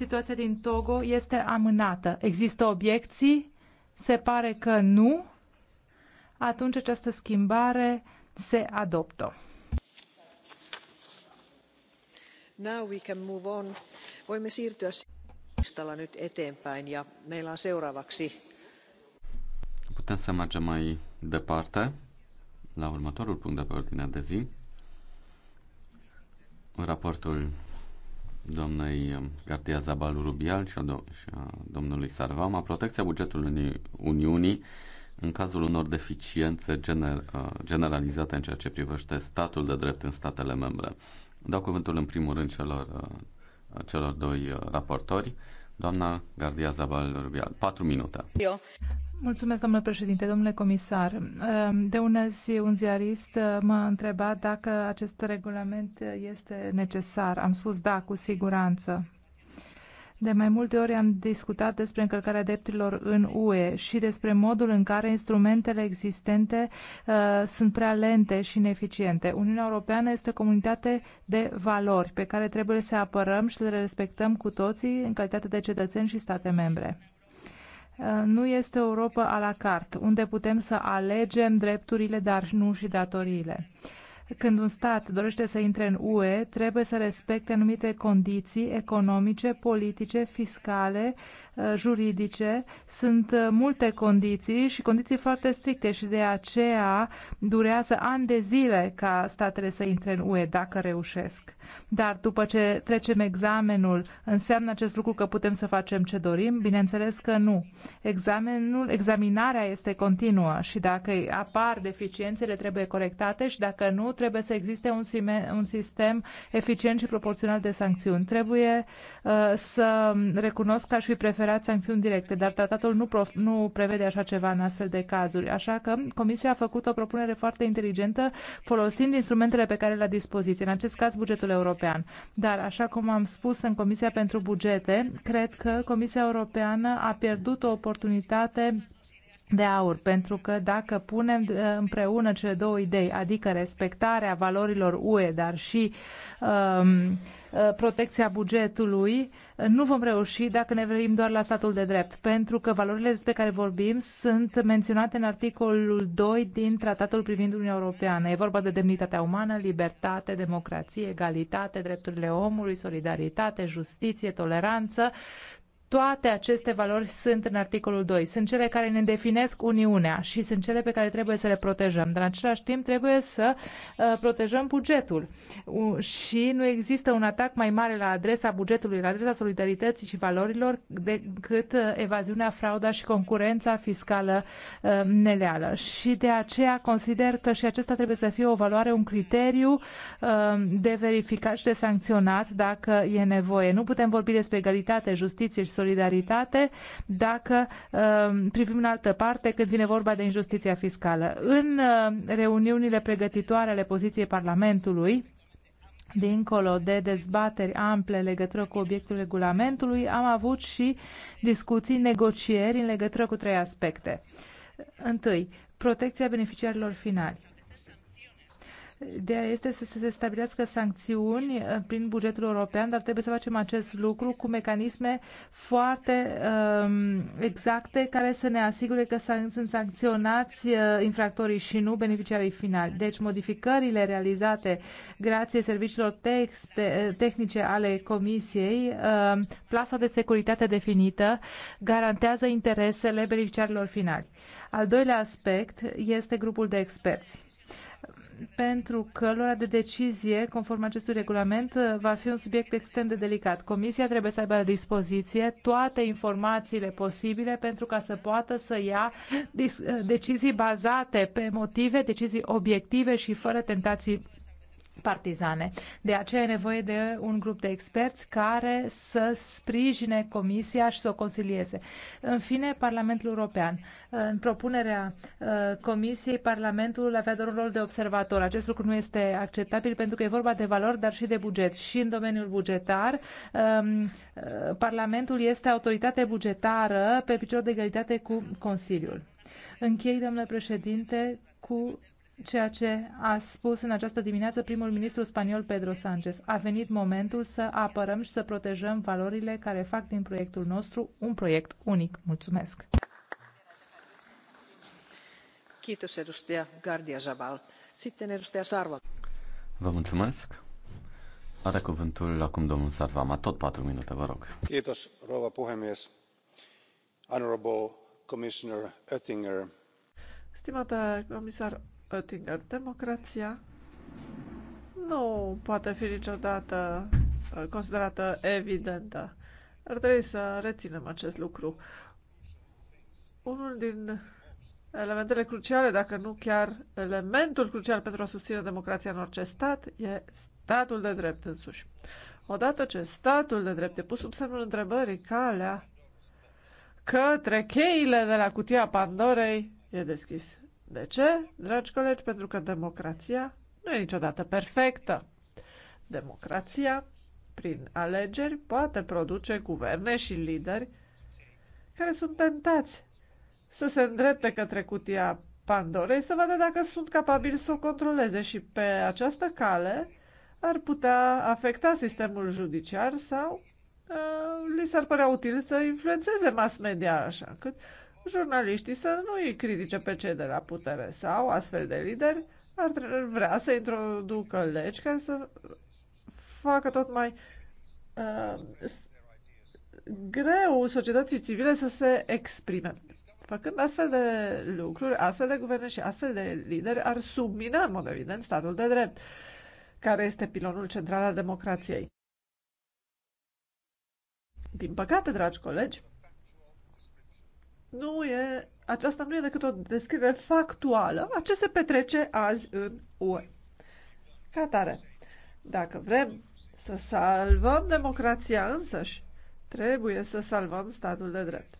situația din Togo este amânată. Există obiecții? Se pare că nu. Atunci această schimbare se adoptă. Now we can move on voimme siirtyä listalla nyt eteenpäin ja meillä on seuraavaksi Putem să mergem mai departe la următorul punct de pe ordinea de zi. Raportul doamnei Gardia Zabal Rubial și a, do- și a domnului Sarvama, protecția bugetului Uni- Uniunii în cazul unor deficiențe gener- uh, generalizate în ceea ce privește statul de drept în statele membre. Dau cuvântul în primul rând celor uh, celor doi uh, raportori. Doamna Gardia Zabal Rubial, patru minute. Eu. Mulțumesc, domnule președinte, domnule comisar. Um, de ună zi, un ziarist uh, m-a întrebat dacă acest regulament este necesar. Am spus da, cu siguranță. De mai multe ori am discutat despre încălcarea drepturilor în UE și despre modul în care instrumentele existente uh, sunt prea lente și ineficiente. Uniunea Europeană este o comunitate de valori pe care trebuie să apărăm și să le respectăm cu toții în calitate de cetățeni și state membre uh, nu este Europa a la carte, unde putem să alegem drepturile, dar nu și datoriile. Când un stat dorește să intre în UE, trebuie să respecte anumite condiții economice, politice, fiscale, uh, juridice. Sunt uh, multe condiții și condiții foarte stricte și de aceea durează ani de zile ca statele să intre în UE dacă reușesc. Dar după ce trecem examenul, înseamnă acest lucru că putem să facem ce dorim? Bineînțeles că nu. Examenul, examinarea este continuă și dacă apar deficiențele trebuie corectate și dacă nu, trebuie să existe un, sime, un sistem eficient și proporțional de sancțiuni. Trebuie uh, să recunosc că aș fi preferat sancțiuni directe, dar tratatul nu, prof, nu prevede așa ceva în astfel de cazuri. Așa că Comisia a făcut o propunere foarte inteligentă folosind instrumentele pe care le-a dispoziție, în acest caz bugetul european. Dar, așa cum am spus în Comisia pentru Bugete, cred că Comisia Europeană a pierdut o oportunitate de aur, pentru că dacă punem uh, împreună cele două idei, adică respectarea valorilor UE, dar și um, uh, protecția bugetului, uh, nu vom reuși dacă ne vrem doar la statul de drept, pentru că valorile despre care vorbim sunt menționate în articolul 2 din Tratatul privind Uniunea Europeană. E vorba de demnitatea umană, libertate, democrație, egalitate, drepturile omului, solidaritate, justiție, toleranță toate aceste valori sunt în articolul 2. Sunt cele care ne definesc Uniunea și sunt cele pe care trebuie să le protejăm. Dar în același timp trebuie să uh, protejăm bugetul. Și nu există un atac mai mare la adresa bugetului, la adresa solidarității și valorilor decât uh, evaziunea, frauda și concurența fiscală uh, neleală. Și de aceea consider că și acesta trebuie să fie o valoare, un criteriu de verificat și de sancționat dacă e nevoie. Nu putem vorbi despre egalitate, justiție și solidaritate dacă um, privim în altă parte când vine vorba de injustiția fiscală. În um, reuniunile pregătitoare ale poziției Parlamentului, Dincolo de dezbateri ample legătură cu obiectul regulamentului, am avut și discuții, negocieri în legătură cu trei aspecte. Întâi, protecția beneficiarilor finali. Ideea este să se stabilească sancțiuni uh, prin bugetul european, dar trebuie să facem acest lucru cu mecanisme foarte um, exacte care să ne asigure că sunt sancționați uh, infractorii și nu beneficiarii finali. Deci modificările realizate grație serviciilor texte, uh, tehnice ale Comisiei, um, plasa de securitate definită, garantează interesele beneficiarilor finali. Al doilea aspect este grupul de experți pentru că luarea de decizie, conform acestui regulament, va fi un subiect extrem de delicat. Comisia trebuie să aibă la dispoziție toate informațiile posibile pentru ca să poată să ia decizii bazate pe motive, decizii obiective și fără tentații partizane. De aceea e nevoie de un grup de experți care să sprijine Comisia și să o consilieze. În fine, Parlamentul European. În propunerea uh, Comisiei, Parlamentul avea doar un rol de observator. Acest lucru nu este acceptabil pentru că e vorba de valori, dar și de buget. Și în domeniul bugetar, um, uh, Parlamentul este autoritate bugetară pe picior de egalitate cu Consiliul. Închei, domnule președinte, cu ceea ce a spus în această dimineață primul ministru spaniol Pedro Sánchez. A venit momentul să apărăm și să protejăm valorile care fac din proiectul nostru un proiect unic. Mulțumesc! Vă mulțumesc! Are cuvântul acum domnul Sarvama, tot patru minute, vă rog. Kiitos, Rova puhemies. Honorable Commissioner Oettinger. Stimată comisar Oettinger. Democrația nu poate fi niciodată uh, considerată evidentă. Ar trebui să reținem acest lucru. Unul din elementele cruciale, dacă nu chiar elementul crucial pentru a susține democrația în orice stat, e statul de drept însuși. Odată ce statul de drept e pus sub semnul întrebării, calea către cheile de la cutia Pandorei e deschis. De ce, dragi colegi? Pentru că democrația nu e niciodată perfectă. Democrația, prin alegeri, poate produce guverne și lideri care sunt tentați să se îndrepte către cutia Pandorei să vadă dacă sunt capabili să o controleze și pe această cale ar putea afecta sistemul judiciar sau uh, li s-ar părea util să influențeze mass media așa încât jurnaliștii să nu îi critice pe cei de la putere sau astfel de lideri ar vrea să introducă legi care să facă tot mai uh, greu societății civile să se exprime. Făcând astfel de lucruri, astfel de guverne și astfel de lideri ar submina în mod evident statul de drept, care este pilonul central al democrației. Din păcate, dragi colegi, nu e, aceasta nu e decât o descriere factuală a ce se petrece azi în UE. Ca tare, dacă vrem să salvăm democrația însăși, trebuie să salvăm statul de drept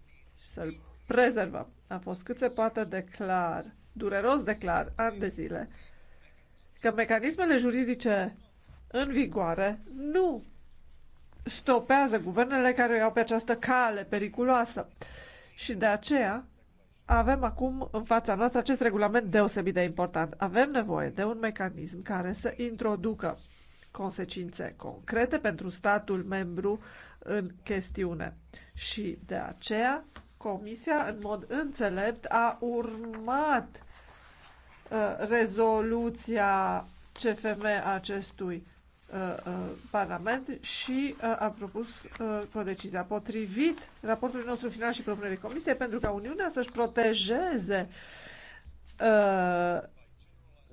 și să-l prezervăm. A fost cât se poate de clar, dureros de clar, ani de zile, că mecanismele juridice în vigoare nu stopează guvernele care o iau pe această cale periculoasă. Uh, și de aceea avem acum în fața noastră acest regulament deosebit de important. Avem nevoie de un mecanism care să introducă consecințe concrete pentru statul membru în chestiune. Și de aceea Comisia, în mod înțelept, a urmat uh, rezoluția CFM acestui Uh, uh, Parlament și uh, a propus o codecizia potrivit raportului nostru final și propunerii Comisiei pentru ca Uniunea să-și protejeze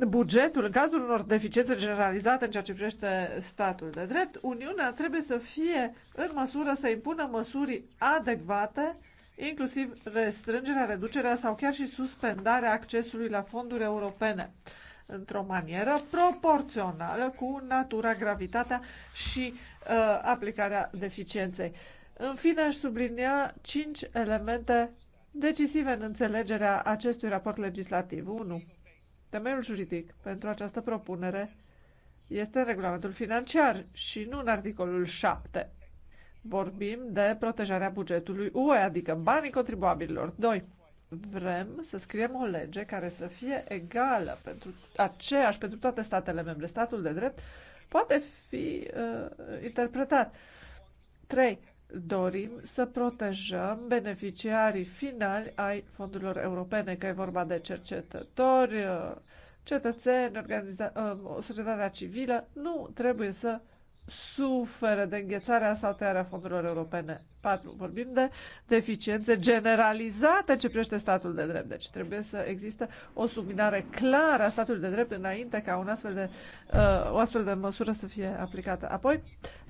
bugetul în cazul unor deficiențe generalizate în ceea ce privește statul de drept, Uniunea trebuie să fie în măsură să impună măsuri adecvate, inclusiv restrângerea, reducerea sau chiar și suspendarea accesului la fonduri europene. Uh, într-o manieră proporțională cu natura, gravitatea și uh, aplicarea deficienței. În fine, aș sublinia cinci elemente decisive în înțelegerea acestui raport legislativ. 1. Temeiul juridic pentru această propunere este în regulamentul financiar și nu în articolul 7. Vorbim de protejarea bugetului UE, adică banii contribuabililor. 2 vrem să scriem o lege care să fie egală pentru aceeași pentru toate statele membre. Statul de drept poate fi uh, interpretat. 3. Dorim să protejăm beneficiarii finali ai fondurilor europene, că e vorba de cercetători, uh, cetățeni, organiza- uh, societatea civilă. Nu trebuie să suferă de înghețarea sau tăiarea fondurilor europene. 4. Vorbim de deficiențe generalizate ce privește statul de drept. Deci trebuie să există o subminare clară a statului de drept înainte ca un astfel de, uh, o astfel de măsură să fie aplicată. Apoi,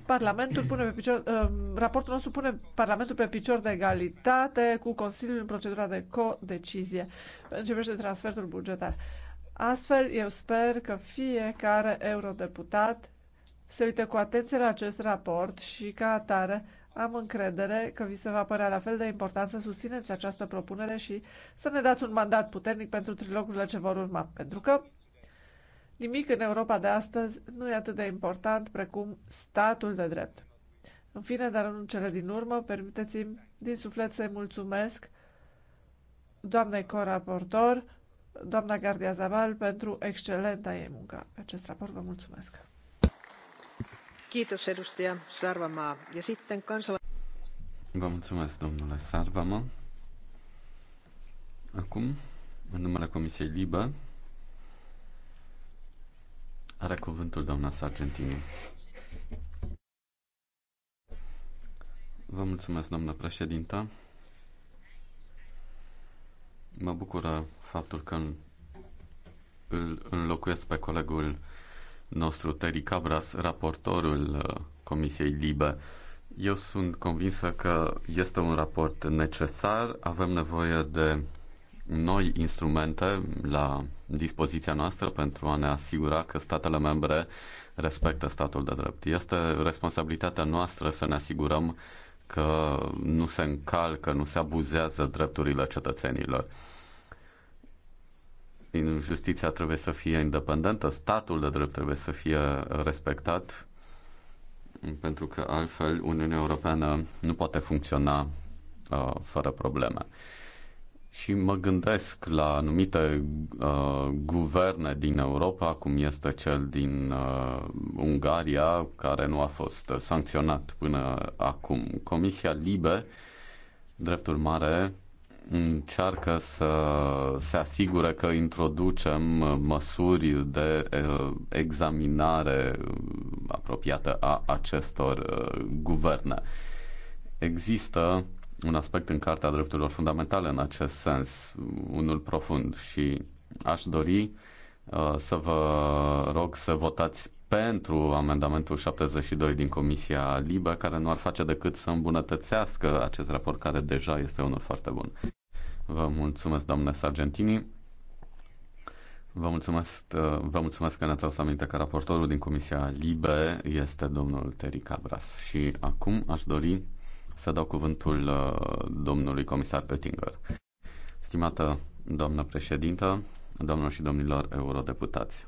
Parlamentul pune pe picior, uh, raportul nostru pune Parlamentul pe picior de egalitate cu Consiliul în procedura de co-decizie, în ce privește transferul bugetar. Astfel, eu sper că fiecare eurodeputat se uită cu atenție la acest raport și, ca atare, am încredere că vi se va părea la fel de important să susțineți această propunere și să ne dați un mandat puternic pentru trilogurile ce vor urma, pentru că nimic în Europa de astăzi nu e atât de important precum statul de drept. În fine, dar în cele din urmă, permiteți-mi din suflet să-i mulțumesc doamnei coraportor, doamna Gardia Zaval, pentru excelenta ei muncă. Acest raport vă mulțumesc. Vă mulțumesc, domnule Sarvama. Acum, în numele Comisiei Libă, are cuvântul doamna Sargentini. Vă mulțumesc, doamnă președintă. Mă bucură faptul că îl înlocuiesc pe colegul nostru, Terry Cabras, raportorul uh, Comisiei Libe. Eu sunt convinsă că este un raport necesar, avem nevoie de noi instrumente la dispoziția noastră pentru a ne asigura că statele membre respectă statul de drept. Este responsabilitatea noastră să ne asigurăm că nu se încalcă, nu se abuzează drepturile cetățenilor justiția trebuie să fie independentă, statul de drept trebuie să fie respectat, pentru că altfel Uniunea Europeană nu poate funcționa uh, fără probleme. Și mă gândesc la anumite uh, guverne din Europa, cum este cel din uh, Ungaria, care nu a fost sancționat până acum. Comisia Libe, drept urmare, încearcă să se asigure că introducem măsuri de eh, examinare apropiată a acestor eh, guverne. Există un aspect în cartea Drepturilor Fundamentale în acest sens, unul profund și aș dori eh, să vă rog să votați pentru amendamentul 72 din Comisia Libă, care nu ar face decât să îmbunătățească acest raport, care deja este unul foarte bun. Vă mulțumesc, domnule Sargentini. Vă mulțumesc, vă mulțumesc că ne-ați auzit aminte că raportorul din Comisia Libe este domnul Teri Cabras. Și acum aș dori să dau cuvântul uh, domnului comisar Oettinger. Stimată doamnă președintă, doamnelor și domnilor eurodeputați,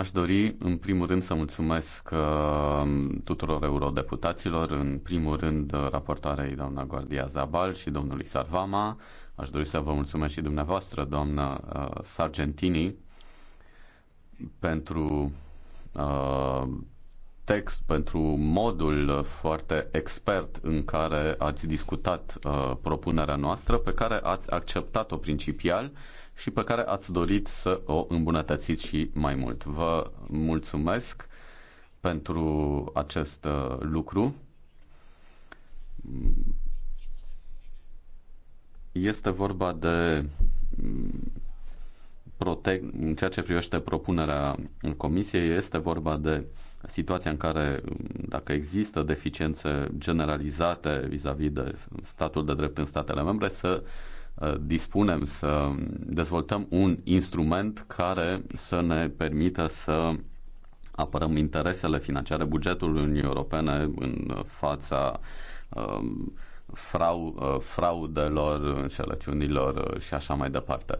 Aș dori, în primul rând, să mulțumesc uh, tuturor eurodeputaților, în primul rând uh, raportoarei doamna Guardia Zabal și domnului Sarvama. Aș dori să vă mulțumesc și dumneavoastră, doamna uh, Sargentini, pentru text, pentru modul foarte expert în care ați discutat propunerea noastră, pe care ați acceptat-o principial și pe care ați dorit să o îmbunătățiți și mai mult. Vă mulțumesc pentru acest uh, lucru. Este vorba de mm, protec- în ceea ce privește propunerea Comisiei, este vorba de situația în care, mm, dacă există deficiențe generalizate vis-a-vis -vis de statul de drept în statele membre, să uh, Uh, dispunem să dezvoltăm un instrument care să ne permită să apărăm interesele financiare bugetului Uniunii Europene în fața uh, frau, uh, fraudelor, înșelăciunilor și așa mai departe.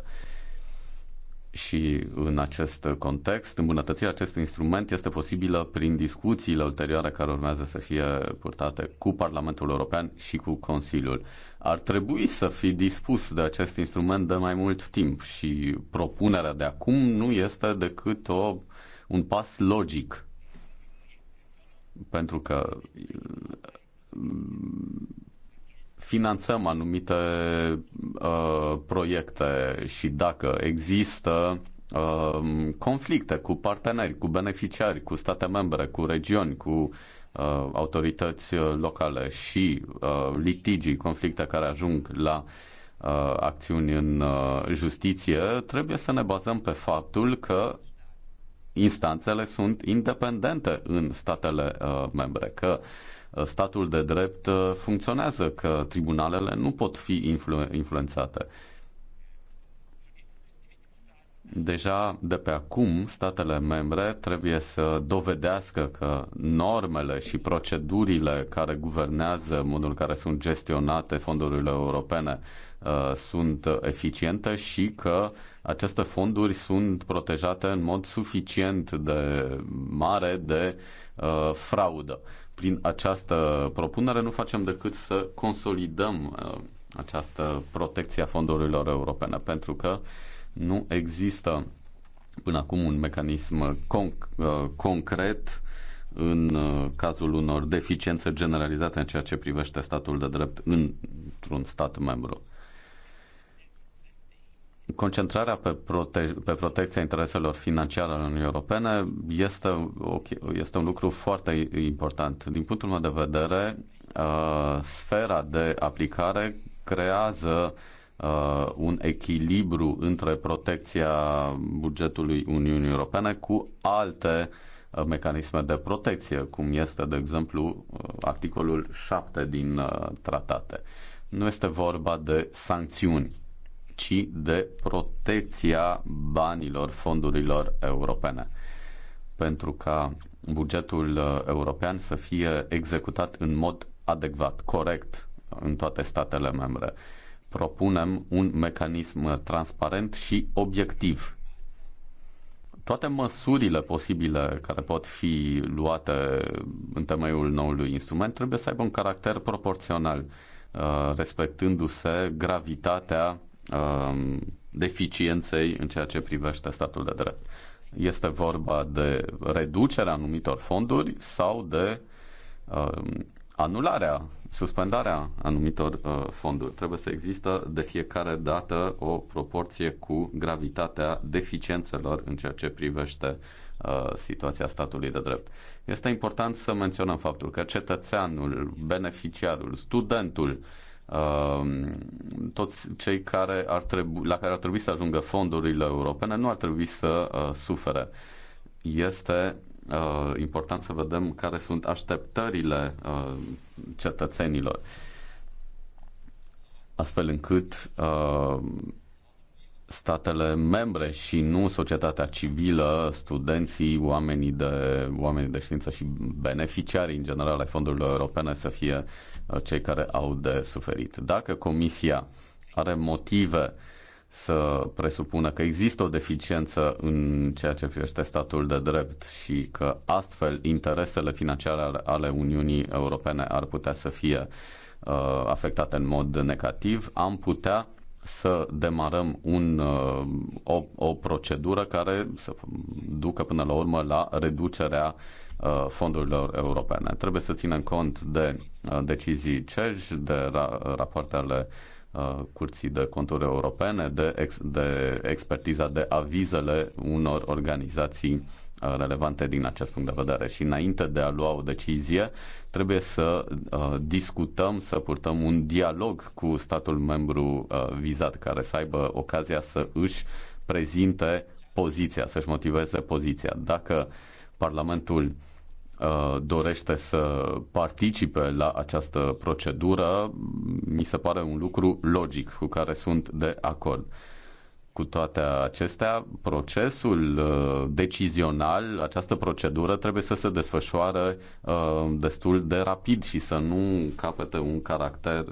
Și în acest context, îmbunătățirea acestui instrument este posibilă prin discuțiile ulterioare care urmează să fie purtate cu Parlamentul European și cu Consiliul ar trebui să fi dispus de acest instrument de mai mult timp și propunerea de acum nu este decât o, un pas logic. Pentru că mm, finanțăm anumite uh, proiecte și dacă există uh, conflicte cu parteneri, cu beneficiari, cu state membre, cu regiuni, cu Uh, autorități uh, locale și uh, litigii, conflicte care ajung la acțiuni în justiție, trebuie să ne bazăm pe faptul că instanțele sunt independente în statele membre, că statul de drept funcționează, că tribunalele nu pot fi influ- influențate. Deja de pe acum, statele membre trebuie să dovedească că normele și procedurile care guvernează modul în care sunt gestionate fondurile europene uh, sunt eficiente și că aceste fonduri sunt protejate în mod suficient de mare de uh, fraudă. Prin această propunere nu facem decât să consolidăm uh, această protecție a fondurilor europene, pentru că uh, nu există până acum un mecanism conc- uh, concret în uh, cazul unor deficiențe generalizate în ceea ce privește statul de drept într-un stat membru. Concentrarea pe, prote- pe protecția intereselor financiare ale Uniunii Europene este, este un lucru foarte important. Din punctul meu de vedere, uh, sfera de aplicare creează uh, uh, un echilibru între protecția bugetului Uniunii Europene cu alte uh, mecanisme de protecție, cum este, de exemplu, uh, articolul 7 din uh, tratate. Nu este vorba de sancțiuni, ci de protecția banilor fondurilor europene. Pentru ca bugetul european să fie executat în mod adecvat, corect în toate statele membre. Uh, propunem un mecanism transparent și obiectiv. Toate măsurile posibile care pot fi luate în temeiul noului instrument trebuie să aibă un caracter proporțional, uh, respectându-se gravitatea um, deficienței în ceea ce privește statul de drept. Este vorba de reducerea anumitor fonduri sau de um, anularea suspendarea anumitor uh, fonduri. Trebuie să există de fiecare dată o proporție cu gravitatea deficiențelor în ceea ce privește uh, situația statului de drept. Este important să menționăm faptul că cetățeanul, beneficiarul, studentul, um, toți cei care ar trebui, la care ar trebui să ajungă fondurile europene nu ar trebui să uh, sufere. Este uh, important să vedem care sunt așteptările uh, cetățenilor, astfel încât uh, statele membre și nu societatea civilă, studenții, oamenii de, oamenii de știință și beneficiarii în general ai fondurilor europene să fie uh, cei care au de suferit. Dacă Comisia are motive uh, să presupună că există o deficiență în ceea ce privește statul de drept și că astfel interesele financiare ale Uniunii Europene ar putea să fie uh, afectate în mod negativ, am putea să demarăm un, uh, o, o procedură care să ducă până la urmă la reducerea uh, fondurilor europene. Trebuie să ținem cont de uh, decizii CEJ, de ra- rapoarte ale uh, Uh, curții de Conturi Europene, de, ex, de expertiza de avizele unor organizații uh, relevante din acest punct de vedere și înainte de a lua o decizie trebuie să uh, discutăm, să purtăm un dialog cu statul membru uh, vizat care să aibă ocazia să își prezinte poziția, să-și motiveze poziția. Dacă Parlamentul Uh, dorește să participe la această procedură, mi se pare un lucru logic cu care sunt de acord. Cu toate acestea, procesul uh, decizional, această procedură trebuie să se desfășoare uh, destul de rapid și să nu capete un caracter